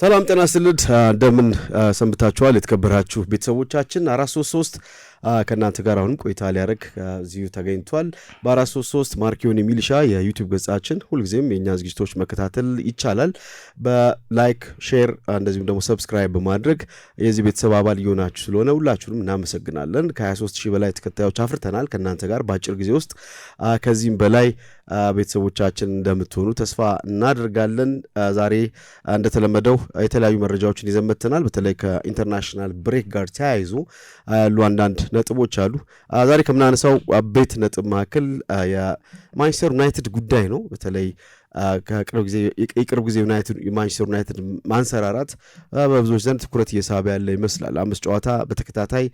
ሰላም ጤና ስልድ እንደምን ሰንብታችኋል? የተከበራችሁ ቤተሰቦቻችን አራት ሶስት ሶስት ከእናንተ ጋር አሁንም ቆይታ ሊያደርግ እዚሁ ተገኝቷል። በአራት ሶስት ሶስት ማርኪዮን የሚልሻ የዩቲዩብ ገጻችን ሁልጊዜም የእኛ ዝግጅቶች መከታተል ይቻላል። በላይክ ሼር፣ እንደዚሁም ደግሞ ሰብስክራይብ በማድረግ የዚህ ቤተሰብ አባል እየሆናችሁ ስለሆነ ሁላችሁንም እናመሰግናለን። ከ23 ሺህ በላይ ተከታዮች አፍርተናል ከእናንተ ጋር በአጭር ጊዜ ውስጥ ከዚህም በላይ ቤተሰቦቻችን እንደምትሆኑ ተስፋ እናደርጋለን። ዛሬ እንደተለመደው የተለያዩ መረጃዎችን ይዘመተናል። በተለይ ከኢንተርናሽናል ብሬክ ጋር ተያይዞ ያሉ አንዳንድ ነጥቦች አሉ። ዛሬ ከምናነሳው አበይት ነጥብ መካከል የማንቸስተር ዩናይትድ ጉዳይ ነው። በተለይ የቅርብ ጊዜ ማንቸስተር ዩናይትድ ማንሰራራት በብዙዎች ዘንድ ትኩረት እየሳበ ያለ ይመስላል። አምስት ጨዋታ በተከታታይ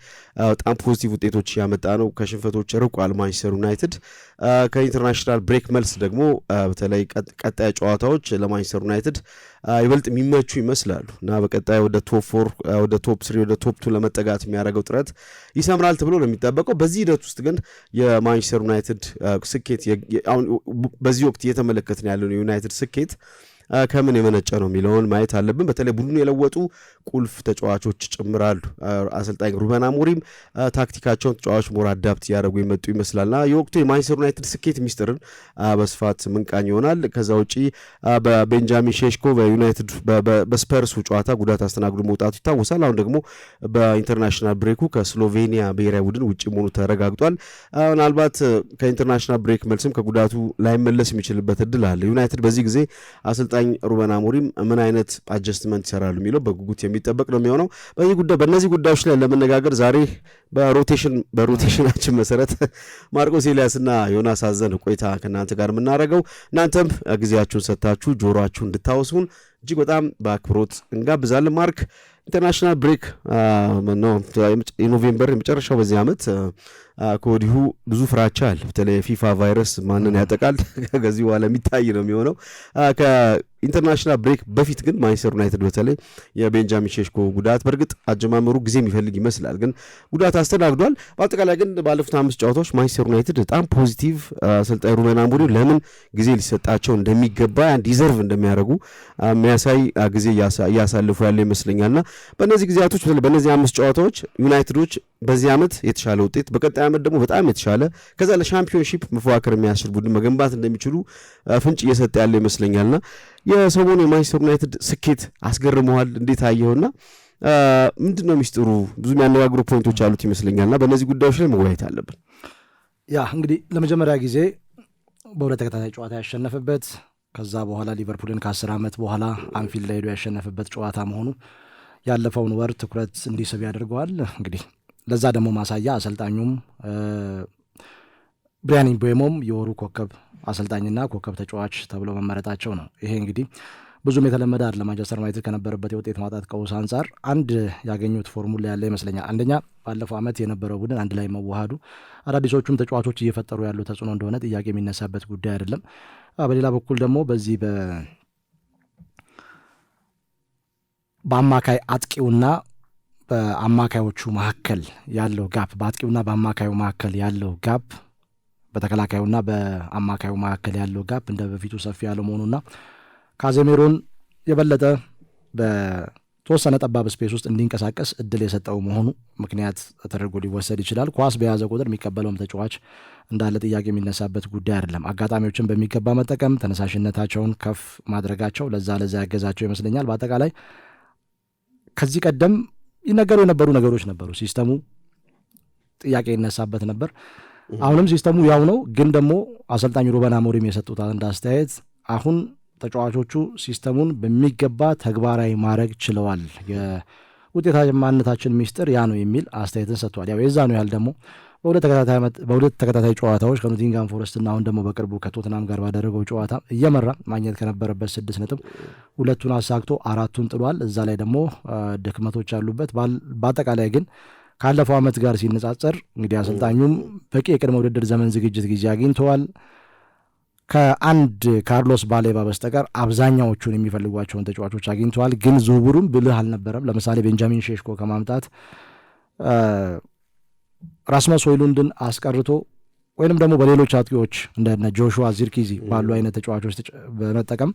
በጣም ፖዚቲቭ ውጤቶች ያመጣ ነው። ከሽንፈቶች ርቋል ማንቸስተር ዩናይትድ። ከኢንተርናሽናል ብሬክ መልስ ደግሞ በተለይ ቀጣይ ጨዋታዎች ለማንቸስተር ዩናይትድ ይበልጥ የሚመቹ ይመስላሉ እና በቀጣይ ወደ ቶፕ ፎር፣ ወደ ቶፕ ስሪ፣ ወደ ቶፕ ቱ ለመጠጋት የሚያደርገው ጥረት ይሰምራል ተብሎ ነው የሚጠበቀው። በዚህ ሂደት ውስጥ ግን የማንቸስተር ዩናይትድ ስኬት በዚህ ወቅት እየተመለከትን ያለው United States ከምን የመነጨ ነው የሚለውን ማየት አለብን። በተለይ ቡድኑ የለወጡ ቁልፍ ተጫዋቾች ጭምራሉ አሰልጣኝ ሩበን አሞሪም ታክቲካቸውን ተጫዋች ሞር አዳፕት እያደረጉ የመጡ ይመስላልና የወቅቱ የማንቸስተር ዩናይትድ ስኬት ሚስጥርን በስፋት ምንቃኝ ይሆናል። ከዛ ውጪ በቤንጃሚን ሼሽኮ በዩናይትድ በስፐርሱ ጨዋታ ጉዳት አስተናግዶ መውጣቱ ይታወሳል። አሁን ደግሞ በኢንተርናሽናል ብሬኩ ከስሎቬኒያ ብሔራዊ ቡድን ውጭ መሆኑ ተረጋግጧል። ምናልባት ከኢንተርናሽናል ብሬክ መልስም ከጉዳቱ ላይመለስ የሚችልበት እድል አለ። ዩናይትድ በዚህ ጊዜ አሰልጣኝ አሰልጣኝ ሩበን አሞሪም ምን አይነት አጀስትመንት ይሰራሉ የሚለው በጉጉት የሚጠበቅ ነው የሚሆነው። በእነዚህ ጉዳዮች ላይ ለመነጋገር ዛሬ በሮቴሽን በሮቴሽናችን መሰረት ማርቆስ ኤልያስና ዮናስ አዘን ቆይታ ከእናንተ ጋር የምናደርገው እናንተም ጊዜያችሁን ሰጥታችሁ ጆሮችሁ እንድታወሱን እጅግ በጣም በአክብሮት እንጋብዛለን። ማርክ ኢንተርናሽናል ብሬክ የኖቬምበር የመጨረሻው በዚህ ዓመት ከወዲሁ ብዙ ፍራቻ አለ። በተለይ የፊፋ ቫይረስ ማንን ያጠቃል ከዚህ በኋላ የሚታይ ነው የሚሆነው። ኢንተርናሽናል ብሬክ በፊት ግን ማንቸስተር ዩናይትድ በተለይ የቤንጃሚን ሼሽኮ ጉዳት በእርግጥ አጀማመሩ ጊዜ የሚፈልግ ይመስላል፣ ግን ጉዳት አስተናግዷል። በአጠቃላይ ግን ባለፉት አምስት ጨዋታዎች ማንቸስተር ዩናይትድ በጣም ፖዚቲቭ፣ አሰልጣኝ ሩበን አሞሪም ለምን ጊዜ ሊሰጣቸው እንደሚገባ ዲዘርቭ እንደሚያደርጉ የሚያሳይ ጊዜ እያሳልፉ ያለ ይመስለኛልና በእነዚህ ጊዜያቶች በእነዚህ አምስት ጨዋታዎች ዩናይትዶች በዚህ ዓመት የተሻለ ውጤት በቀጣይ ዓመት ደግሞ በጣም የተሻለ ከዛ ለሻምፒዮንሺፕ መፎካከር የሚያስችል ቡድን መገንባት እንደሚችሉ ፍንጭ እየሰጠ ያለ ይመስለኛልና የሰሞኑ የማንቸስተር ዩናይትድ ስኬት አስገርመዋል። እንዴት አየውና ምንድን ነው ሚስጥሩ? ብዙ የሚያነጋግሩ ፖይንቶች አሉት ይመስለኛልና በእነዚህ ጉዳዮች ላይ መወያየት አለብን። ያ እንግዲህ ለመጀመሪያ ጊዜ በሁለት ተከታታይ ጨዋታ ያሸነፈበት ከዛ በኋላ ሊቨርፑልን ከአስር ዓመት በኋላ አንፊልድ ላይ ሄዶ ያሸነፈበት ጨዋታ መሆኑ ያለፈውን ወር ትኩረት እንዲስብ ያደርገዋል። እንግዲህ ለዛ ደግሞ ማሳያ አሰልጣኙም ብሪያን ምቤሞም የወሩ ኮከብ አሰልጣኝና ኮከብ ተጫዋች ተብሎ መመረጣቸው ነው። ይሄ እንግዲህ ብዙም የተለመደ አይደለም። ማንቸስተር ዩናይትድ ከነበረበት የውጤት ማጣት ቀውስ አንጻር አንድ ያገኙት ፎርሙላ ያለ ይመስለኛል። አንደኛ ባለፈው ዓመት የነበረው ቡድን አንድ ላይ መዋሃዱ አዳዲሶቹም ተጫዋቾች እየፈጠሩ ያሉ ተጽዕኖ እንደሆነ ጥያቄ የሚነሳበት ጉዳይ አይደለም። በሌላ በኩል ደግሞ በዚህ በ በአማካይ አጥቂውና በአማካዮቹ መካከል ያለው ጋፕ በአጥቂውና በአማካዩ መካከል ያለው ጋፕ በተከላካዩና በአማካዩ መካከል ያለው ጋፕ እንደ በፊቱ ሰፊ መሆኑና ካዜሜሮን የበለጠ በተወሰነ ጠባብ ስፔስ ውስጥ እንዲንቀሳቀስ እድል የሰጠው መሆኑ ምክንያት ተደርጎ ሊወሰድ ይችላል። ኳስ በያዘ ቁጥር የሚቀበለውም ተጫዋች እንዳለ ጥያቄ የሚነሳበት ጉዳይ አይደለም። አጋጣሚዎችን በሚገባ መጠቀም፣ ተነሳሽነታቸውን ከፍ ማድረጋቸው ለዛ ለዛ ያገዛቸው ይመስለኛል። በአጠቃላይ ከዚህ ቀደም ይነገሩ የነበሩ ነገሮች ነበሩ። ሲስተሙ ጥያቄ ይነሳበት ነበር። አሁንም ሲስተሙ ያው ነው፣ ግን ደግሞ አሰልጣኝ ሩበን አሞሪም የሰጡት አንድ አስተያየት አሁን ተጫዋቾቹ ሲስተሙን በሚገባ ተግባራዊ ማድረግ ችለዋል፣ የውጤታማነታችን ሚስጥር ያ ነው የሚል አስተያየትን ሰጥቷል። ያው የዛ ነው ያህል ደግሞ በሁለት ተከታታይ ጨዋታዎች ከኖቲንጋም ፎረስት እና አሁን ደግሞ በቅርቡ ከቶትናም ጋር ባደረገው ጨዋታ እየመራ ማግኘት ከነበረበት ስድስት ነጥብ ሁለቱን አሳክቶ አራቱን ጥሏል። እዛ ላይ ደግሞ ድክመቶች ያሉበት በአጠቃላይ ግን ካለፈው ዓመት ጋር ሲነጻጸር እንግዲህ አሰልጣኙም በቂ የቅድመ ውድድር ዘመን ዝግጅት ጊዜ አግኝተዋል። ከአንድ ካርሎስ ባሌባ በስተቀር አብዛኛዎቹን የሚፈልጓቸውን ተጫዋቾች አግኝተዋል። ግን ዝውውሩም ብልህ አልነበረም። ለምሳሌ ቤንጃሚን ሼሽኮ ከማምጣት ራስመስ ሆይሉንድን አስቀርቶ ወይንም ደግሞ በሌሎች አጥቂዎች እንደነ ጆሹዋ ዚርኪዚ ባሉ አይነት ተጫዋቾች በመጠቀም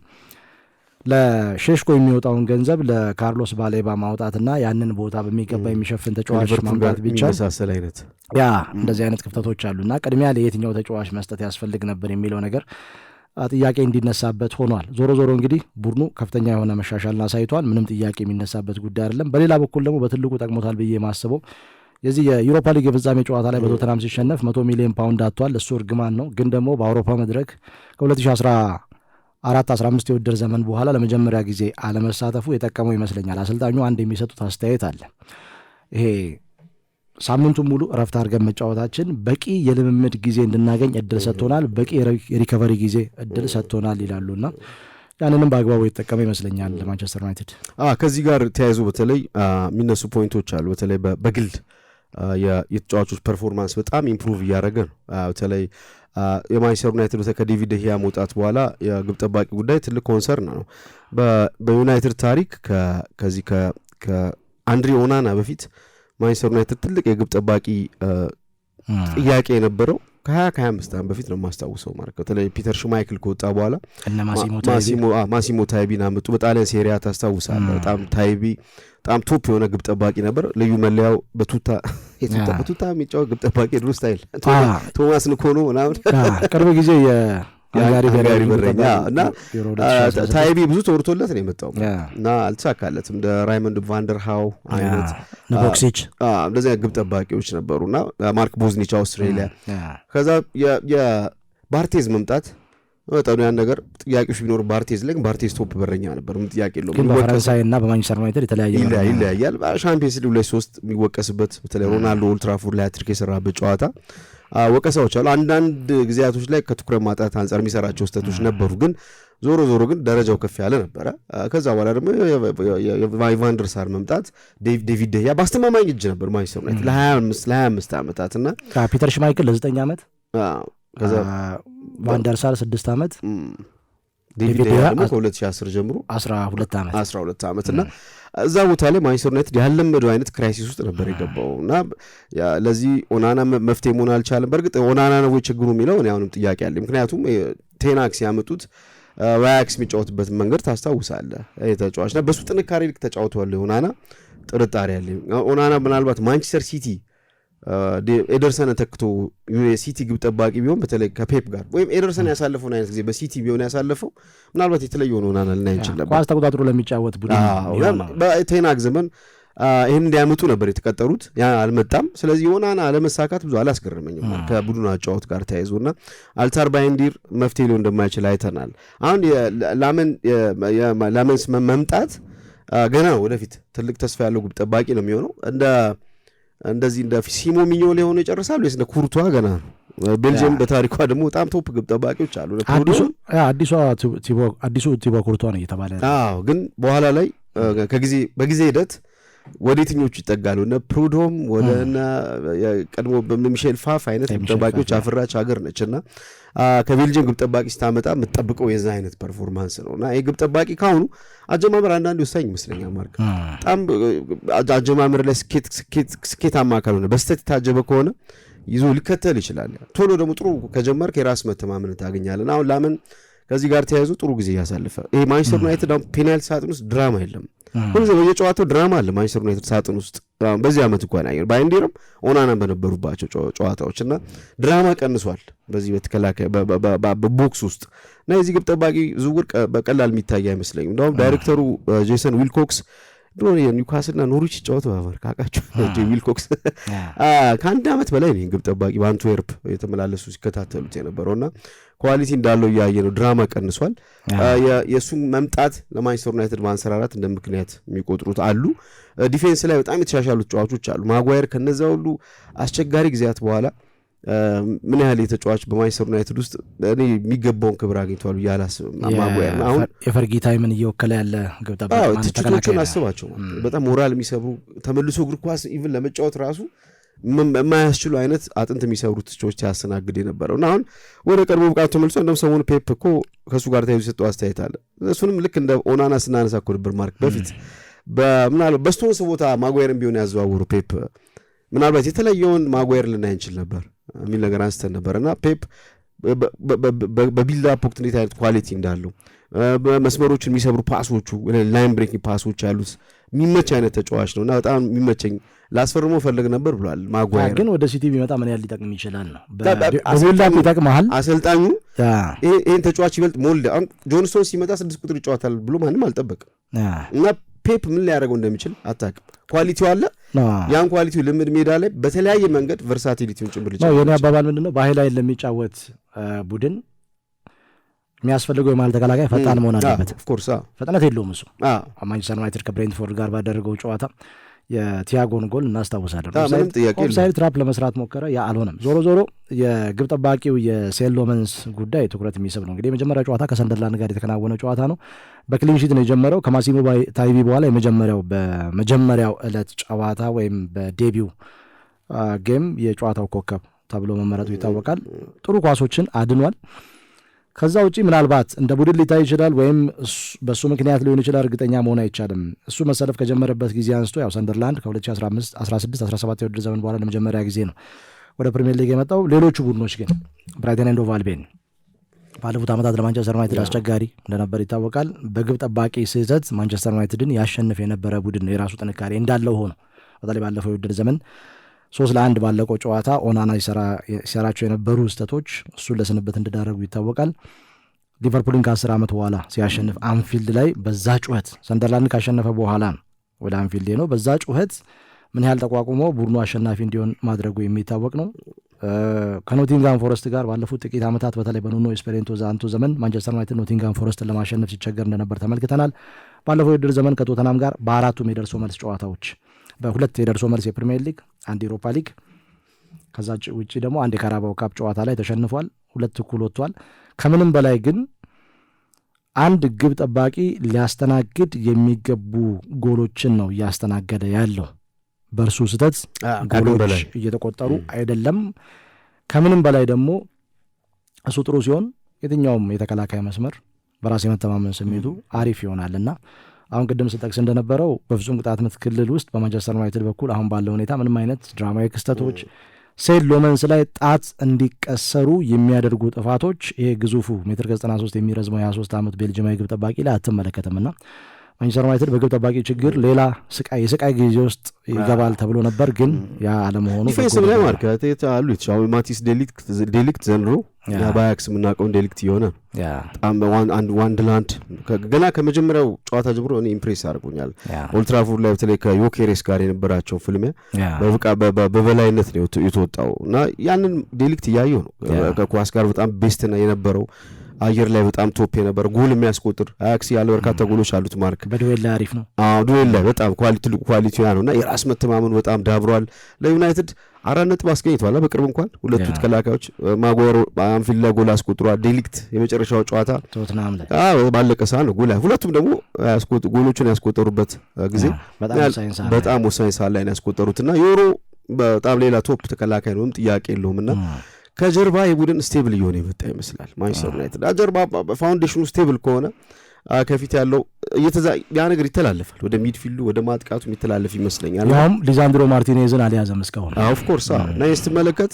ለሼሽኮ የሚወጣውን ገንዘብ ለካርሎስ ባሌባ ማውጣትና ያንን ቦታ በሚገባ የሚሸፍን ተጫዋች ማምጣት ቢቻል ያ እንደዚህ አይነት ክፍተቶች አሉና ቅድሚያ ለየትኛው ተጫዋች መስጠት ያስፈልግ ነበር የሚለው ነገር ጥያቄ እንዲነሳበት ሆኗል። ዞሮ ዞሮ እንግዲህ ቡድኑ ከፍተኛ የሆነ መሻሻልን አሳይቷል። ምንም ጥያቄ የሚነሳበት ጉዳይ አይደለም። በሌላ በኩል ደግሞ በትልቁ ጠቅሞታል ብዬ ማስበው የዚህ የዩሮፓ ሊግ የፍጻሜ ጨዋታ ላይ በቶተናም ሲሸነፍ መቶ ሚሊዮን ፓውንድ አጥቷል። እሱ እርግማን ነው። ግን ደግሞ በአውሮፓ መድረክ ከ አራት 15 የውድድር ዘመን በኋላ ለመጀመሪያ ጊዜ አለመሳተፉ የጠቀመው ይመስለኛል። አሰልጣኙ አንድ የሚሰጡት አስተያየት አለ። ይሄ ሳምንቱን ሙሉ እረፍት አድርገን መጫወታችን በቂ የልምምድ ጊዜ እንድናገኝ እድል ሰጥቶናል፣ በቂ የሪከቨሪ ጊዜ እድል ሰጥቶናል ይላሉና ያንንም በአግባቡ የተጠቀመ ይመስለኛል ለማንቸስተር ዩናይትድ። ከዚህ ጋር ተያይዞ በተለይ የሚነሱ ፖይንቶች አሉ። በተለይ በግል የተጫዋቾች ፐርፎርማንስ በጣም ኢምፕሩቭ እያደረገ ነው። በተለይ የማንቸስተር ዩናይትድ ከዴቪድ ደሂያ መውጣት በኋላ የግብ ጠባቂ ጉዳይ ትልቅ ኮንሰርን ነው። በዩናይትድ ታሪክ ከዚህ ከአንድሪ ኦናና በፊት ማንቸስተር ዩናይትድ ትልቅ የግብ ጠባቂ ጥያቄ የነበረው ከሀያ ከ25 ዓመት በፊት ነው የማስታውሰው። ማለት በተለይ ፒተር ሹማይክል ከወጣ በኋላ ማሲሞ ታይቢን አመጡ። በጣሊያን ሴሪያ ታስታውሳለ በጣም ታይቢ በጣም ቶፕ የሆነ ግብ ጠባቂ ነበር። ልዩ መለያው በቱታ በቱታ የሚጫወት ግብ ጠባቂ ድሮ ስታይል ቶማስ ንኮኖ ምናምን ቅርብ ጊዜ ሀንጋሪ በረኛ እና ታይቢ ብዙ ተወርቶለት ነው የመጣው እና አልተሳካለትም። እንደ ራይመንድ ቫንደርሃው አይነት ቦክሲች እንደዚህ ግብ ጠባቂዎች ነበሩ እና ማርክ ቦዝኒች አውስትሬሊያ ከዛ የባርቴዝ መምጣት መጠኑ ያን ነገር ጥያቄዎች ቢኖር ባርቴዝ ላይ ባርቴዝ ቶፕ በረኛ ነበር። ምን ጥያቄ የለውም። ግን እና በማንቸስተር ዩናይትድ የተለያየ ይለያያል። ሻምፒየንስ ሊግ ላይ ሶስት የሚወቀስበት በተለይ ሮናልዶ ኦልድ ላይ ሃትሪክ የሰራበት ጨዋታ ወቀሳዎች አሉ። አንዳንድ ጊዜያቶች ላይ ከትኩረት ማጣት አንጻር የሚሰራቸው ስህተቶች ነበሩ። ግን ዞሮ ዞሮ ግን ደረጃው ከፍ ያለ ነበረ። ከዛ በኋላ ደግሞ የቫንደር ሳር መምጣት ዴቪድ ደያ በአስተማማኝ እጅ ነበር ማንቸስተር ዩናይትድ ለ25 ዓመታት እና ፒተር ሽማይክል ለ9 ዓመት ቫንደርሳር ስድስት ዓመት ዴቪድ ደግሞ ከ2010 ጀምሮ 12 ዓመት ዓመት እና እዛ ቦታ ላይ ማንቸስተር ዩናይትድ ያለመደው አይነት ክራይሲስ ውስጥ ነበር የገባው እና ለዚህ ኦናና መፍትሄ መሆን አልቻለም። በእርግጥ ኦናና ነው ችግሩ የሚለው እኔ አሁንም ጥያቄ አለ። ምክንያቱም ቴናክስ ያመጡት ዋያክስ የሚጫወትበት መንገድ ታስታውሳለህ። ተጫዋች ና በሱ ጥንካሬ ልክ ተጫውተዋል። ኦናና ጥርጣሬ አለ። ኦናና ምናልባት ማንቸስተር ሲቲ ኤደርሰን ተክቶ የሲቲ ግብ ጠባቂ ቢሆን በተለይ ከፔፕ ጋር ወይም ኤደርሰን ያሳለፈውን አይነት ጊዜ በሲቲ ቢሆን ያሳለፈው ምናልባት የተለየ ሆኖ ሆናናል እና ይችል ነበር ተቆጣጥሮ ለሚጫወት ቡድን በቴናግ ዘመን ይህን እንዲያመጡ ነበር የተቀጠሩት። ያ አልመጣም። ስለዚህ የሆና አለመሳካት ብዙ አላስገረመኝም ከቡድን አጫወት ጋር ተያይዞና አልታር ባይንዲር መፍትሄ ሊሆን እንደማይችል አይተናል። አሁን ላመንስ መምጣት ገና ወደፊት ትልቅ ተስፋ ያለው ግብ ጠባቂ ነው የሚሆነው እንደ እንደዚህ እንደ ሲሞ ሚኞል የሆኑ ይጨርሳሉ ወይስ እንደ ኩርቷ ገና ነው? ቤልጅየም በታሪኳ ደግሞ በጣም ቶፕ ግብ ጠባቂዎች አሉ። አዲሱ ቲቦ ኩርቷ ነው እየተባለ ግን በኋላ ላይ በጊዜ ሂደት ወደ የትኞቹ ይጠጋሉ? እነ ፕሩዶም ወደ ቀድሞ ሚሼል ፋፍ አይነት ግብ ጠባቂዎች አፍራች ሀገር ነች እና ከቤልጅየም ግብ ጠባቂ ስታመጣ የምትጠብቀው የዛ አይነት ፐርፎርማንስ ነው እና ይህ ግብ ጠባቂ ካሁኑ አጀማመር አንዳንድ ወሳኝ ይመስለኛል። ማርክ በጣም አጀማመር ላይ ስኬታማ ካልሆነ በስተት የታጀበ ከሆነ ይዞ ሊከተል ይችላል። ቶሎ ደግሞ ጥሩ ከጀመርክ የራስ መተማመን ታገኛለን። አሁን ላምን ከዚህ ጋር ተያይዞ ጥሩ ጊዜ እያሳለፈ ይሄ ማንቸስተር ዩናይትድ አሁን ፔናልቲ ሳጥን ውስጥ ድራማ የለም። ሁሉ በየጨዋታው ድራማ አለ ማንቸስተር ዩናይትድ ሳጥን ውስጥ በዚህ ዓመት እንኳን አየር ባይንዲርም ኦናናም በነበሩባቸው ጨዋታዎች እና ድራማ ቀንሷል በዚህ በተከላካይ በቦክስ ውስጥ እና የዚህ ግብ ጠባቂ ዝውውር በቀላል የሚታይ አይመስለኝም። እንዲሁም ዳይሬክተሩ ጄሰን ዊልኮክስ ድሮ የኒውካስልና ኖሪች ጨዋቱ በማር ካቃቸው ዊልኮክስ ከአንድ ዓመት በላይ ነው ግብ ጠባቂ በአንትዌርፕ የተመላለሱ ሲከታተሉት የነበረውና ኳሊቲ እንዳለው እያየ ነው። ድራማ ቀንሷል። የእሱ መምጣት ለማንቸስተር ዩናይትድ ማንሰራራት እንደ ምክንያት የሚቆጥሩት አሉ። ዲፌንስ ላይ በጣም የተሻሻሉት ጨዋቾች አሉ። ማጓየር ከነዚያ ሁሉ አስቸጋሪ ጊዜያት በኋላ ምን ያህል የተጫዋች በማንችስተር ዩናይትድ ውስጥ እኔ የሚገባውን ክብር አግኝተዋል ብዬ አላስብም። ማጓያ አሁን የፈርጊ ታይምን እየወከለ ያለ ግብ ትችቶቹን አስባቸው። በጣም ሞራል የሚሰብሩ ተመልሶ እግር ኳስ ኢቭን ለመጫወት ራሱ የማያስችሉ አይነት አጥንት የሚሰብሩ ትችቶች ያስተናግድ የነበረው እና አሁን ወደ ቀድሞ ብቃቱ ተመልሶ እንደም ሰሞኑ ፔፕ እኮ ከእሱ ጋር ተያይዞ የሰጠው አስተያየት አለ። እሱንም ልክ እንደ ኦናና ስናነሳ እኮ ነበር ማርክ በፊት ምናልባት በስቶንስ ቦታ ማጓየርን ቢሆን ያዘዋውሩ ፔፕ ምናልባት የተለየውን ማጓየር ልናይ እንችል ነበር የሚል ነገር አንስተን ነበር እና ፔፕ በቢልድ አፕ ወቅት እንዴት አይነት ኳሊቲ እንዳለው መስመሮችን የሚሰብሩ ፓሶቹ ላይን ብሬኪንግ ፓሶች ያሉት የሚመች አይነት ተጫዋች ነው እና በጣም የሚመቸኝ ላስፈርሞ ፈልግ ነበር ብሏል። ማጓየር ግን ወደ ሲቲ ቢመጣ ምን ያህል ሊጠቅም ይችላል ነው በቢልዳፕ ይጠቅመሃል። አሰልጣኙ ይህን ተጫዋች ይበልጥ ሞልደ ጆንስቶን ሲመጣ ስድስት ቁጥር ይጫወታል ብሎ ማንም አልጠበቅም እና ፔፕ ምን ሊያደርገው እንደሚችል አታውቅም። ኳሊቲው አለ። ያን ኳሊቲ ልምድ ሜዳ ላይ በተለያየ መንገድ ቨርሳቲሊቲውን ጭምር ልጫወት። የኔ አባባል ምንድን ነው? በሀይል ኃይል ለሚጫወት ቡድን የሚያስፈልገው የማል ተከላካይ ፈጣን መሆን አለበት። ኦፍኮርስ ፍጥነት የለውም እሱ። ማንቸስተር ዩናይትድ ከብሬንትፎርድ ጋር ባደረገው ጨዋታ የቲያጎን ጎል እናስታውሳለን። ኦፍሳይድ ትራፕ ለመስራት ሞከረ፣ ያ አልሆነም። ዞሮ ዞሮ የግብ ጠባቂው የሴሎመንስ ጉዳይ ትኩረት የሚስብ ነው። እንግዲህ የመጀመሪያ ጨዋታ ከሰንደርላንድ ጋር የተከናወነ ጨዋታ ነው። በክሊንሺት ነው የጀመረው። ከማሲሞ ታይቢ በኋላ የመጀመሪያው በመጀመሪያው ዕለት ጨዋታ ወይም በዴቢው ጌም የጨዋታው ኮከብ ተብሎ መመረጡ ይታወቃል። ጥሩ ኳሶችን አድኗል። ከዛ ውጪ ምናልባት እንደ ቡድን ሊታይ ይችላል ወይም በእሱ ምክንያት ሊሆን ይችላል፣ እርግጠኛ መሆን አይቻልም። እሱ መሰለፍ ከጀመረበት ጊዜ አንስቶ ያው ሰንደርላንድ ከ2016 17 የውድድር ዘመን በኋላ ለመጀመሪያ ጊዜ ነው ወደ ፕሪሚየር ሊግ የመጣው። ሌሎቹ ቡድኖች ግን ብራይተን ኤንድ ሆቭ አልቢዮን ባለፉት ዓመታት ለማንቸስተር ዩናይትድ አስቸጋሪ እንደነበር ይታወቃል። በግብ ጠባቂ ስህተት ማንቸስተር ዩናይትድን ያሸንፍ የነበረ ቡድን የራሱ ጥንካሬ እንዳለው ሆኖ በተለይ ባለፈው የውድድር ዘመን ሶስት ለአንድ ባለቀው ጨዋታ ኦናና ሲሰራቸው የነበሩ ስህተቶች እሱን ለስንበት እንደዳረጉ ይታወቃል። ሊቨርፑልን ከአስር ዓመት በኋላ ሲያሸንፍ አንፊልድ ላይ በዛ ጩኸት ሰንደርላንድ ካሸነፈ በኋላ ነው ወደ አንፊልድ ነው። በዛ ጩኸት ምን ያህል ተቋቁሞ ቡድኑ አሸናፊ እንዲሆን ማድረጉ የሚታወቅ ነው። ከኖቲንጋም ፎረስት ጋር ባለፉት ጥቂት ዓመታት በተለይ በኑኖ ኤስፔሬንቶ ዛንቶ ዘመን ማንቸስተር ዩናይትድ ኖቲንጋም ፎረስትን ለማሸነፍ ሲቸገር እንደነበር ተመልክተናል። ባለፈው የድር ዘመን ከቶተናም ጋር በአራቱም የደርሶ መልስ ጨዋታዎች በሁለት የደርሶ መልስ የፕሪሚየር ሊግ፣ አንድ ኢሮፓ ሊግ ከዛ ውጭ ደግሞ አንድ የካራባው ካፕ ጨዋታ ላይ ተሸንፏል። ሁለት እኩል ወጥቷል። ከምንም በላይ ግን አንድ ግብ ጠባቂ ሊያስተናግድ የሚገቡ ጎሎችን ነው እያስተናገደ ያለው። በእርሱ ስህተት ጎሎች እየተቆጠሩ አይደለም። ከምንም በላይ ደግሞ እሱ ጥሩ ሲሆን የትኛውም የተከላካይ መስመር በራስ የመተማመን ስሜቱ አሪፍ ይሆናልና አሁን ቅድም ስጠቅስ እንደነበረው በፍጹም ቅጣት ምት ክልል ውስጥ በማንቸስተር ዩናይትድ በኩል አሁን ባለው ሁኔታ ምንም አይነት ድራማዊ ክስተቶች ሴድ ሎመንስ ላይ ጣት እንዲቀሰሩ የሚያደርጉ ጥፋቶች ይሄ ግዙፉ ሜትር ከ93 የሚረዝመው የ23 ዓመት ቤልጅማዊ ግብ ጠባቂ ላይ አትመለከትምና ማንቸስተር ዩናይትድ በግብ ጠባቂ ችግር ሌላ ስቃይ የስቃይ ጊዜ ውስጥ ይገባል ተብሎ ነበር፣ ግን ያ አለመሆኑ ዲፌንስም ላይ ማርከት አሉ የተሻሉ ማቲስ ዴሊክት ዘንድሮ በአያክስ የምናውቀውን ዴሊክት እየሆነ በጣም ዋንድ ላንድ ገና ከመጀመሪያው ጨዋታ ጀምሮ እኔ ኢምፕሬስ አድርጎኛል። ኦልትራፉድ ላይ በተለይ ከዮኬሬስ ጋር የነበራቸው ፍልሚያ በበላይነት ነው የተወጣው እና ያንን ዴሊክት እያየው ነው ከኳስ ጋር በጣም ቤስትና የነበረው አየር ላይ በጣም ቶፕ የነበረ ጎል የሚያስቆጥር አያክስ ያለ በርካታ ጎሎች አሉት። ማርክ በዱዌል ላይ አሪፍ ነው። ዱዌል ላይ በጣም ኳሊቲ ልቁ ኳሊቲ ያ ነው እና የራስ መተማመኑ በጣም ዳብሯል። ለዩናይትድ አራት ነጥብ አስገኝቷል። በቅርብ እንኳን ሁለቱ ተከላካዮች ማጓሮ አንፊልድ ላይ ጎል አስቆጥሯል። ዴሊክት የመጨረሻው ጨዋታ ባለቀ ሰዓት ነው ጎል ሁለቱም ደግሞ ጎሎቹን ያስቆጠሩበት ጊዜ በጣም ወሳኝ ሰዓት ላይ ያስቆጠሩት እና የወሮ በጣም ሌላ ቶፕ ተከላካይ ነው፣ ጥያቄ የለውም እና ከጀርባ የቡድን ስቴብል እየሆነ የመጣ ይመስላል ማንቸስተር ዩናይትድ ጀርባ ፋውንዴሽኑ ስቴብል ከሆነ ከፊት ያለው ያ ነገር ይተላለፋል ወደ ሚድፊልዱ ወደ ማጥቃቱ የሚተላለፍ ይመስለኛል። ያውም ሊዛንድሮ ማርቲኔዝን አልያዘም እስካሁን። ኦፍኮርስ እና ስትመለከት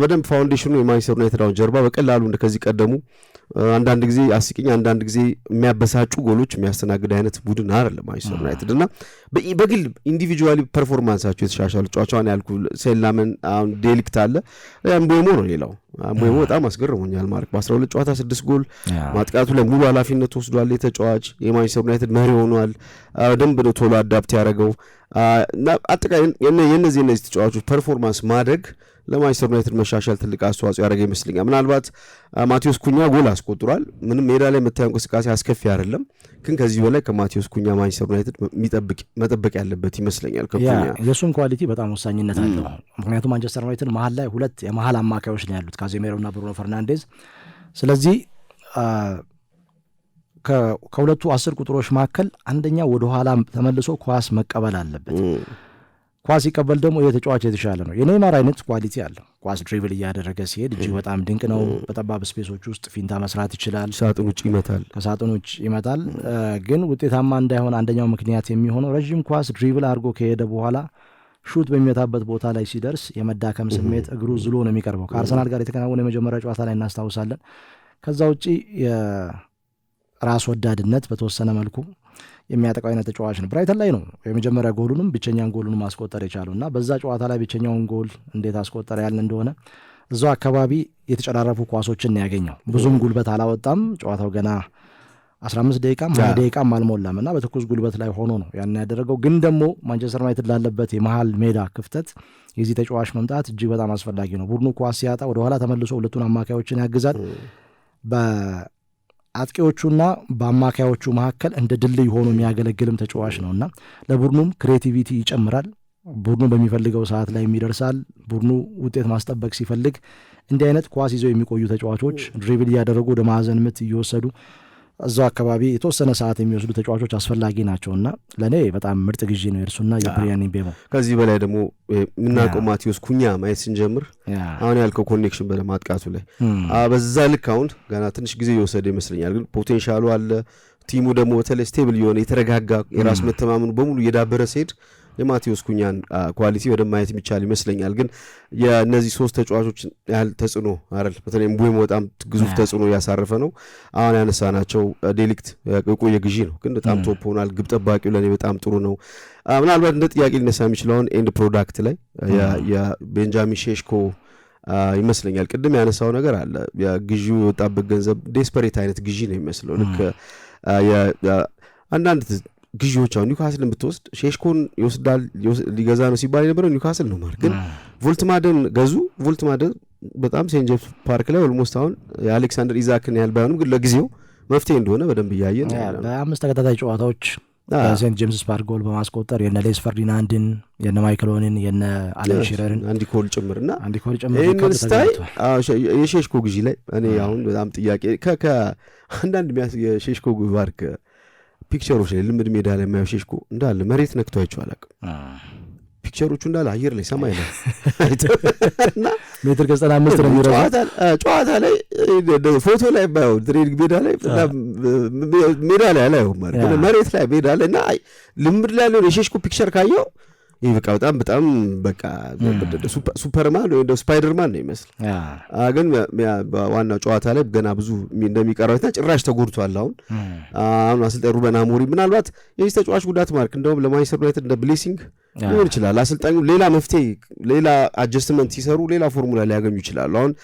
በደንብ ፋውንዴሽኑ የማንቸስተር ዩናይትድ አሁን ጀርባ በቀላሉ ከዚህ ቀደሙ አንዳንድ ጊዜ አስቂኝ፣ አንዳንድ ጊዜ የሚያበሳጩ ጎሎች የሚያስተናግድ አይነት ቡድን አይደለም ማንቸስተር ዩናይትድ እና በግል ኢንዲቪጁዋሊ ፐርፎርማንሳቸው የተሻሻሉ ጨዋቻዋን ያልኩ ሴላመን አሁን ዴሊክት አለ ምቦሞ ነው ሌላው ምቦሞ በጣም አስገርሞኛል። ማርክ በ12 ጨዋታ ስድስት ጎል ማጥቃቱ ላይ ሙሉ ኃላፊነት ወስዷል። የተጫዋች የማንቸስተር ዩናይትድ መሪ ሆኗል። ደንብ ነው ቶሎ አዳፕት ያደረገው እና አጠቃላይ የእነዚህ እነዚህ ተጫዋቾች ፐርፎርማንስ ማድረግ ለማንቸስተር ዩናይትድ መሻሻል ትልቅ አስተዋጽኦ ያደረገ ይመስለኛል። ምናልባት ማቴዎስ ኩኛ ጎል አስቆጥሯል። ምንም ሜዳ ላይ የምታየው እንቅስቃሴ አስከፊ አይደለም፣ ግን ከዚህ በላይ ከማቴዎስ ኩኛ ማንቸስተር ዩናይትድ መጠበቅ ያለበት ይመስለኛል። የእሱም ኳሊቲ በጣም ወሳኝነት አለው። ምክንያቱም ማንቸስተር ዩናይትድ መሀል ላይ ሁለት የመሀል አማካዮች ነው ያሉት ካዜሜሮ እና ብሩኖ ፈርናንዴዝ። ስለዚህ ከሁለቱ አስር ቁጥሮች መካከል አንደኛ ወደኋላ ተመልሶ ኳስ መቀበል አለበት ኳስ ሲቀበል ደግሞ የተጫዋች የተሻለ ነው። የኔይማር አይነት ኳሊቲ አለው። ኳስ ድሪብል እያደረገ ሲሄድ እጅግ በጣም ድንቅ ነው። በጠባብ ስፔሶች ውስጥ ፊንታ መስራት ይችላል። ሳጥን ውጭ ይመታል፣ ከሳጥን ውጭ ይመታል። ግን ውጤታማ እንዳይሆን አንደኛው ምክንያት የሚሆነው ረዥም ኳስ ድሪብል አድርጎ ከሄደ በኋላ ሹት በሚመታበት ቦታ ላይ ሲደርስ የመዳከም ስሜት እግሩ ዝሎ ነው የሚቀርበው። ከአርሰናል ጋር የተከናወነ የመጀመሪያ ጨዋታ ላይ እናስታውሳለን። ከዛ ውጪ የራስ ወዳድነት በተወሰነ መልኩ የሚያጠቃው አይነት ተጫዋች ነው። ብራይተን ላይ ነው የመጀመሪያ ጎሉንም ብቸኛን ጎሉን ማስቆጠር የቻለው እና በዛ ጨዋታ ላይ ብቸኛውን ጎል እንዴት አስቆጠረ ያለ እንደሆነ እዛ አካባቢ የተጨራረፉ ኳሶችን ያገኘው። ብዙም ጉልበት አላወጣም። ጨዋታው ገና 15 ደቂቃም 20 ደቂቃም አልሞላም እና በትኩስ ጉልበት ላይ ሆኖ ነው ያን ያደረገው። ግን ደግሞ ማንቸስተር ዩናይትድ ላለበት የመሀል ሜዳ ክፍተት የዚህ ተጫዋች መምጣት እጅግ በጣም አስፈላጊ ነው። ቡድኑ ኳስ ሲያጣ ወደኋላ ተመልሶ ሁለቱን አማካዮችን ያግዛል። አጥቂዎቹና በአማካዮቹ መካከል እንደ ድልድይ ሆኖ የሚያገለግልም ተጫዋች ነውና ለቡድኑም ክሬቲቪቲ ይጨምራል። ቡድኑ በሚፈልገው ሰዓት ላይ የሚደርሳል። ቡድኑ ውጤት ማስጠበቅ ሲፈልግ እንዲህ አይነት ኳስ ይዘው የሚቆዩ ተጫዋቾች ድሪብል እያደረጉ ወደ ማዕዘን ምት እየወሰዱ እዛው አካባቢ የተወሰነ ሰዓት የሚወስዱ ተጫዋቾች አስፈላጊ ናቸው እና ለእኔ በጣም ምርጥ ግዢ ነው የእርሱና የብሪያን ምቤሞ። ከዚህ በላይ ደግሞ የምናውቀው ማቴዎስ ኩኛ ማየት ስንጀምር አሁን ያልከው ኮኔክሽን በለማጥቃቱ ላይ በዛ ልክ አሁን ገና ትንሽ ጊዜ የወሰደ ይመስለኛል፣ ግን ፖቴንሻሉ አለ። ቲሙ ደግሞ በተለይ ስቴብል የሆነ የተረጋጋ የራስ መተማመኑ በሙሉ የዳበረ ሲሄድ የማቴዎስ ኩኛን ኳሊቲ ወደ ማየት የሚቻል ይመስለኛል። ግን የእነዚህ ሶስት ተጫዋቾች ያህል ተጽዕኖ አይደል። በተለይ ምቡሞ በጣም ግዙፍ ተጽዕኖ እያሳረፈ ነው። አሁን ያነሳ ናቸው ዴሊክት የቆየ ግዢ ነው፣ ግን በጣም ቶፕ ሆናል። ግብ ጠባቂው ለእኔ በጣም ጥሩ ነው። ምናልባት እንደ ጥያቄ ሊነሳ የሚችለውን ኤንድ ፕሮዳክት ላይ የቤንጃሚን ሼሽኮ ይመስለኛል ቅድም ያነሳው ነገር አለ። ግዢው የወጣበት ገንዘብ ዴስፐሬት አይነት ግዢ ነው የሚመስለው ልክ አንዳንድ ግዢዎች አሁን ኒውካስልን ብትወስድ ሼሽኮን ይወስዳል ሊገዛ ነው ሲባል የነበረው ኒውካስል ነው ማለት ግን ቮልትማደን ገዙ። ቮልትማደን በጣም ሴንት ጄምስ ፓርክ ላይ ኦልሞስት አሁን የአሌክሳንደር ኢዛክን ያህል ባይሆንም ግን ለጊዜው መፍትሄ እንደሆነ በደንብ እያየን በአምስት ተከታታይ ጨዋታዎች ሴንት ጄምስ ፓርክ ጎል በማስቆጠር የነ ሌስ ፈርዲናንድን የነ ማይክሎንን የነ አለን ሽረርን አንዲ ኮል ጭምር እና ይህንን ስታይ የሼሽኮ ግዢ ላይ እኔ አሁን በጣም ጥያቄ ከአንዳንድ የሼሽኮ ባርክ ፒክቸሮች ላይ ልምድ ሜዳ ላይ የማያሸሽኩ እንዳለ መሬት ነክቶ አይቼው አላውቅም። ፒክቸሮቹ እንዳለ አየር ላይ ሰማይ ላይ ሜትር ከዘጠና አምስት ነው ጨዋታ ላይ ፎቶ ላይ ባየው ትሬኒንግ ሜዳ ላይ ሜዳ ላይ አላየሁም፣ መሬት ላይ ሜዳ ላይ እና ልምድ ላይ ሊሆን የሸሽኩ ፒክቸር ካየው ይህ በቃ በጣም በጣም በቃ ሱፐርማን ስፓይደርማን ነው ይመስል ግን ዋናው ጨዋታ ላይ ገና ብዙ እንደሚቀረበትና ጭራሽ ተጎድቷል። አሁን አሁን አሰልጣኝ ሩበን አሞሪ ምናልባት የዚህ ተጫዋች ጉዳት ማርክ እንደውም ለማንቸስተር ዩናይትድ እንደ ብሌሲንግ ሊሆን ይችላል። አሰልጣኙ ሌላ መፍትሄ፣ ሌላ አጀስትመንት ሲሰሩ ሌላ ፎርሙላ ሊያገኙ ይችላሉ። አሁን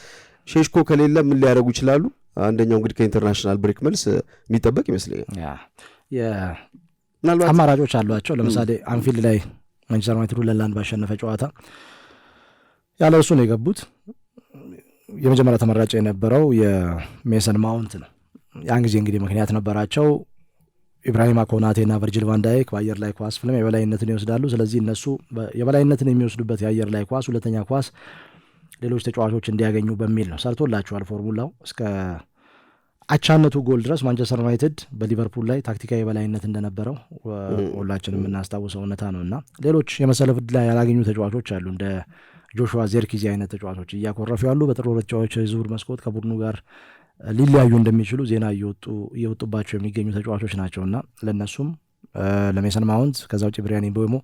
ሼሽኮ ከሌለ ምን ሊያደርጉ ይችላሉ? አንደኛው እንግዲህ ከኢንተርናሽናል ብሬክ መልስ የሚጠበቅ ይመስለኛል። አማራጮች አሏቸው። ለምሳሌ አንፊልድ ላይ ማንቸስተር ዩናይትድ ሁለት ለአንድ ባሸነፈ ጨዋታ ያለ እሱ ነው የገቡት። የመጀመሪያ ተመራጭ የነበረው የሜሰን ማውንት ነው። ያን ጊዜ እንግዲህ ምክንያት ነበራቸው። ኢብራሂማ ኮናቴና ቨርጅል ቫንዳይክ በአየር ላይ ኳስ ፍለም የበላይነትን ይወስዳሉ። ስለዚህ እነሱ የበላይነትን የሚወስዱበት የአየር ላይ ኳስ ሁለተኛ ኳስ ሌሎች ተጫዋቾች እንዲያገኙ በሚል ነው ሰርቶላቸዋል። ፎርሙላው እስከ አቻነቱ ጎል ድረስ ማንቸስተር ዩናይትድ በሊቨርፑል ላይ ታክቲካዊ በላይነት እንደነበረው ሁላችን የምናስታውሰው እውነታ ነው እና ሌሎች የመሰለፍ ዕድል ያላገኙ ተጫዋቾች አሉ እንደ ጆሹዋ ዜርኪዚ አይነት ተጫዋቾች እያኮረፉ ያሉ በጥር ተጫዋቾች ዝውውር መስኮት ከቡድኑ ጋር ሊለያዩ እንደሚችሉ ዜና እየወጡባቸው የሚገኙ ተጫዋቾች ናቸው እና ለእነሱም ለሜሰን ማውንት ከዛ ውጭ ብሪያን ምቤሞ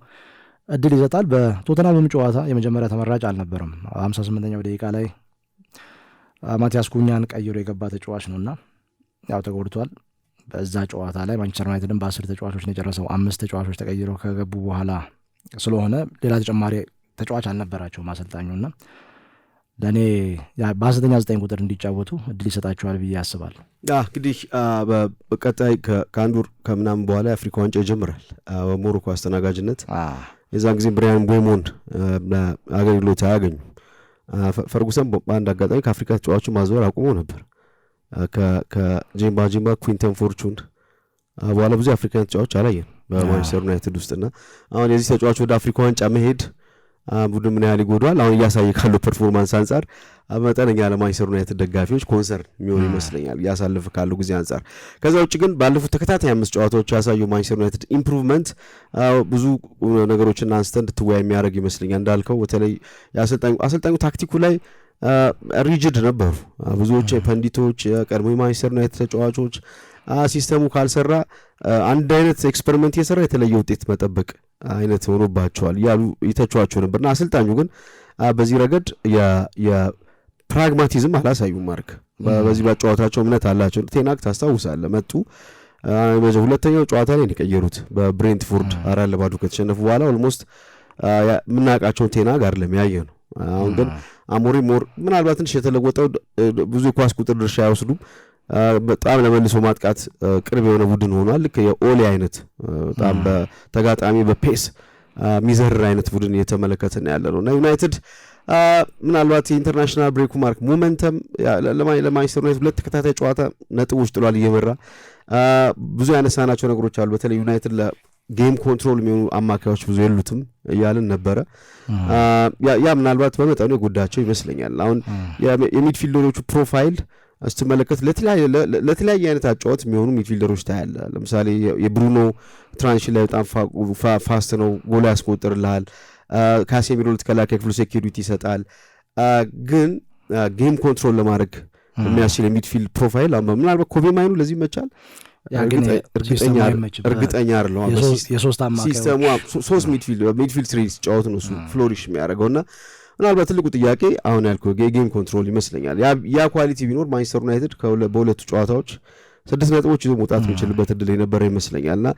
እድል ይሰጣል። በቶተና ጨዋታ የመጀመሪያ ተመራጭ አልነበረም። 58ኛው ደቂቃ ላይ ማቲያስ ኩኛን ቀይሮ የገባ ተጫዋች ነው እና ያው ተጎድቷል። በዛ ጨዋታ ላይ ማንቸስተር ዩናይትድን በአስር ተጫዋቾች ነው የጨረሰው። አምስት ተጫዋቾች ተቀይረው ከገቡ በኋላ ስለሆነ ሌላ ተጨማሪ ተጫዋች አልነበራቸውም አሰልጣኙና ለእኔ በአስተኛ ዘጠኝ ቁጥር እንዲጫወቱ እድል ይሰጣቸዋል ብዬ ያስባል እንግዲህ በቀጣይ ከአንድ ወር ከምናምን በኋላ የአፍሪካ ዋንጫ ይጀምራል በሞሮኮ አስተናጋጅነት። የዛን ጊዜ ብሪያን ቦሞን አገልግሎት አያገኙም። ፈርጉሰን በአንድ አጋጣሚ ከአፍሪካ ተጫዋቹ ማዘወር አቁሞ ነበር። ከጄምባ ጄምባ ኩንተን ፎርቹን በኋላ ብዙ የአፍሪካን ተጫዋች አላየን በማንቸስተር ዩናይትድ ውስጥና አሁን የዚህ ተጫዋች ወደ አፍሪካ ዋንጫ መሄድ ቡድን ምን ያህል ይጎዷል አሁን እያሳየ ካለው ፐርፎርማንስ አንጻር መጠነኛ ለማንቸስተር ዩናይትድ ደጋፊዎች ኮንሰርን የሚሆን ይመስለኛል እያሳለፈ ካለው ጊዜ አንጻር። ከዛ ውጭ ግን ባለፉት ተከታታይ አምስት ጨዋታዎች ያሳየው ማንቸስተር ዩናይትድ ኢምፕሩቭመንት ብዙ ነገሮችን አንስተን እንድትወያይ የሚያደርግ ይመስለኛል። እንዳልከው በተለይ አሰልጣኙ ታክቲኩ ላይ ሪጅድ ነበሩ ብዙዎች የፐንዲቶች የቀድሞ የማንቸስተር ዩናይትድ ተጫዋቾች ሲስተሙ ካልሰራ አንድ አይነት ኤክስፐሪመንት እየሰራ የተለየ ውጤት መጠበቅ አይነት ሆኖባቸዋል ያሉ ይተቿቸው ነበርና አሰልጣኙ ግን በዚህ ረገድ የፕራግማቲዝም አላሳዩም። ማርክ በዚህ በጨዋታቸው እምነት አላቸው። ቴናክ ታስታውሳለ መጡ ሁለተኛው ጨዋታ ላይ የቀየሩት በብሬንትፎርድ አራት ለባዶ ከተሸነፉ በኋላ ኦልሞስት የምናውቃቸውን ቴናግ አይደለም ያየ ነው አሁን ግን አሞሪ ሞር ምናልባት ትንሽ የተለወጠው ብዙ የኳስ ቁጥር ድርሻ አይወስዱም። በጣም ለመልሶ ማጥቃት ቅርብ የሆነ ቡድን ሆኗል። ልክ የኦሌ አይነት በጣም በተጋጣሚ በፔስ ሚዘርር አይነት ቡድን እየተመለከትን ያለ ነው እና ዩናይትድ ምናልባት የኢንተርናሽናል ብሬኩ ማርክ ሞመንተም ለማንቸስተር ዩናይትድ ሁለት ተከታታይ ጨዋታ ነጥቦች ጥሏል እየመራ ብዙ ያነሳናቸው ነገሮች አሉ። በተለይ ዩናይትድ ጌም ኮንትሮል የሚሆኑ አማካዮች ብዙ የሉትም እያልን ነበረ። ያ ምናልባት በመጠኑ የጎዳቸው ይመስለኛል። አሁን የሚድፊልደሮቹ ፕሮፋይል ስትመለከት ለተለያየ አይነት አጫወት የሚሆኑ ሚድፊልደሮች ታያለ። ለምሳሌ የብሩኖ ትራንሽ ላይ በጣም ፋስት ነው፣ ጎላ ያስቆጥርልሃል። ካሴሚሮ ለተከላካይ ክፍሉ ሴኪሪቲ ይሰጣል። ግን ጌም ኮንትሮል ለማድረግ የሚያስችል የሚድፊልድ ፕሮፋይል አሁን ምናልባት ኮቤ ማይኑ ለዚህ ይመቻል። እርግጠኛ አይደለሁም። ሶስት ሚድፊልድ ሚድፊልድ ስሪ ሲጫወት ነው እሱ ፍሎሪሽ የሚያደርገው እና ምናልባት ትልቁ ጥያቄ አሁን ያልኩ የጌም ኮንትሮል ይመስለኛል። ያ ኳሊቲ ቢኖር ማንቸስተር ዩናይትድ በሁለቱ ጨዋታዎች ስድስት ነጥቦች ይዞ መውጣት የሚችልበት እድል የነበረ ይመስለኛል እና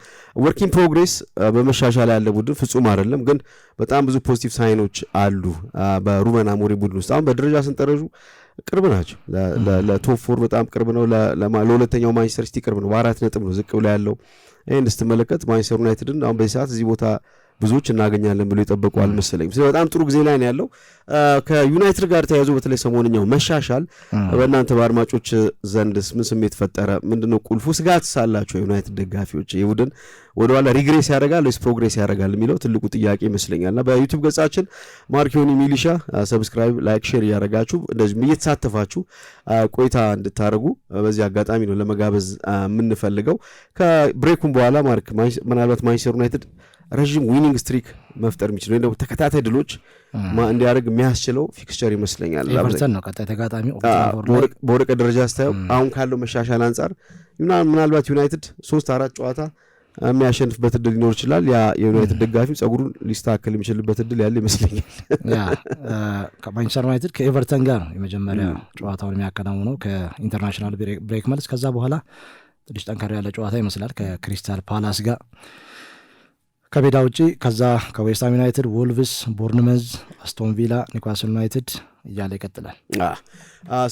ወርኪንግ ፕሮግሬስ በመሻሻል ያለ ቡድን ፍጹም አይደለም፣ ግን በጣም ብዙ ፖዚቲቭ ሳይኖች አሉ በሩበን አሞሪም ቡድን ውስጥ አሁን በደረጃ ስንጠረዡ ቅርብ ናቸው። ለቶፕ ፎር በጣም ቅርብ ነው። ለሁለተኛው ማንቸስተር ሲቲ ቅርብ ነው። በአራት ነጥብ ነው ዝቅ ብላ ያለው። ይህን ስትመለከት ማንቸስተር ዩናይትድን አሁን በዚህ ሰዓት እዚህ ቦታ ብዙዎች እናገኛለን ብሎ የጠበቁ አልመሰለኝም። በጣም ጥሩ ጊዜ ላይ ነው ያለው። ከዩናይትድ ጋር ተያይዞ በተለይ ሰሞንኛው መሻሻል በእናንተ በአድማጮች ዘንድስ ምን ስሜት ፈጠረ? ምንድነው ቁልፉ? ስጋት ሳላቸው የዩናይትድ ደጋፊዎች የቡድን ወደኋላ ሪግሬስ ያደርጋል ወይስ ፕሮግሬስ ያደርጋል የሚለው ትልቁ ጥያቄ ይመስለኛልና በዩቲዩብ ገጻችን ማርኪዮኒ ሚሊሻ ሰብስክራይብ፣ ላይክ፣ ሼር እያደረጋችሁ እንደዚሁም እየተሳተፋችሁ ቆይታ እንድታደርጉ በዚህ አጋጣሚ ነው ለመጋበዝ የምንፈልገው። ከብሬኩን በኋላ ማርክ ምናልባት ማንቸስተር ዩናይትድ ረዥም ዊኒንግ ስትሪክ መፍጠር የሚችል ወይም ደግሞ ተከታታይ ድሎች እንዲያደርግ የሚያስችለው ፊክስቸር ይመስለኛል። በወረቀት ደረጃ ስታየው አሁን ካለው መሻሻል አንጻር ምናልባት ዩናይትድ ሶስት አራት ጨዋታ የሚያሸንፍበት እድል ሊኖር ይችላል። ያ የዩናይትድ ደጋፊ ጸጉሩን ሊስተካከል የሚችልበት እድል ያለ ይመስለኛል። ማንቸስተር ዩናይትድ ከኤቨርተን ጋር ነው የመጀመሪያ ጨዋታውን የሚያከናውነው ከኢንተርናሽናል ብሬክ መልስ። ከዛ በኋላ ትንሽ ጠንካራ ያለ ጨዋታ ይመስላል ከክሪስታል ፓላስ ጋር ከሜዳ ውጪ ከዛ ከዌስታም ዩናይትድ፣ ወልቭስ፣ ቦርንመዝ፣ አስቶን ቪላ፣ ኒኳስል ዩናይትድ እያለ ይቀጥላል።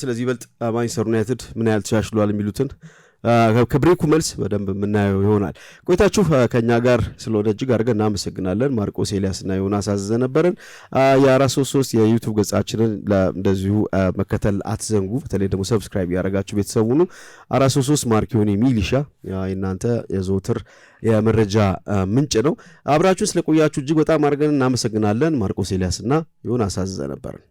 ስለዚህ ይበልጥ ማንቸስተር ዩናይትድ ምን ያህል ተሻሽሏል የሚሉትን ከብሬኩ መልስ በደንብ የምናየው ይሆናል። ቆይታችሁ ከእኛ ጋር ስለሆነ እጅግ አድርገን እናመሰግናለን። ማርቆስ ኤልያስና ዮናስ አዘዘ ነበርን። የአራት ሶስት ሶስት የዩቱብ ገጻችንን እንደዚሁ መከተል አትዘንጉ። በተለይ ደግሞ ሰብስክራይብ ያደረጋችሁ ቤተሰቡ ኑ። አራት ሶስት ሶስት ማርኪዮን ሚሊሻ የእናንተ የዘወትር የመረጃ ምንጭ ነው። አብራችሁን ስለቆያችሁ እጅግ በጣም አድርገን እናመሰግናለን። ማርቆስ ኤልያስና ዮናስ አዘዘ ነበርን።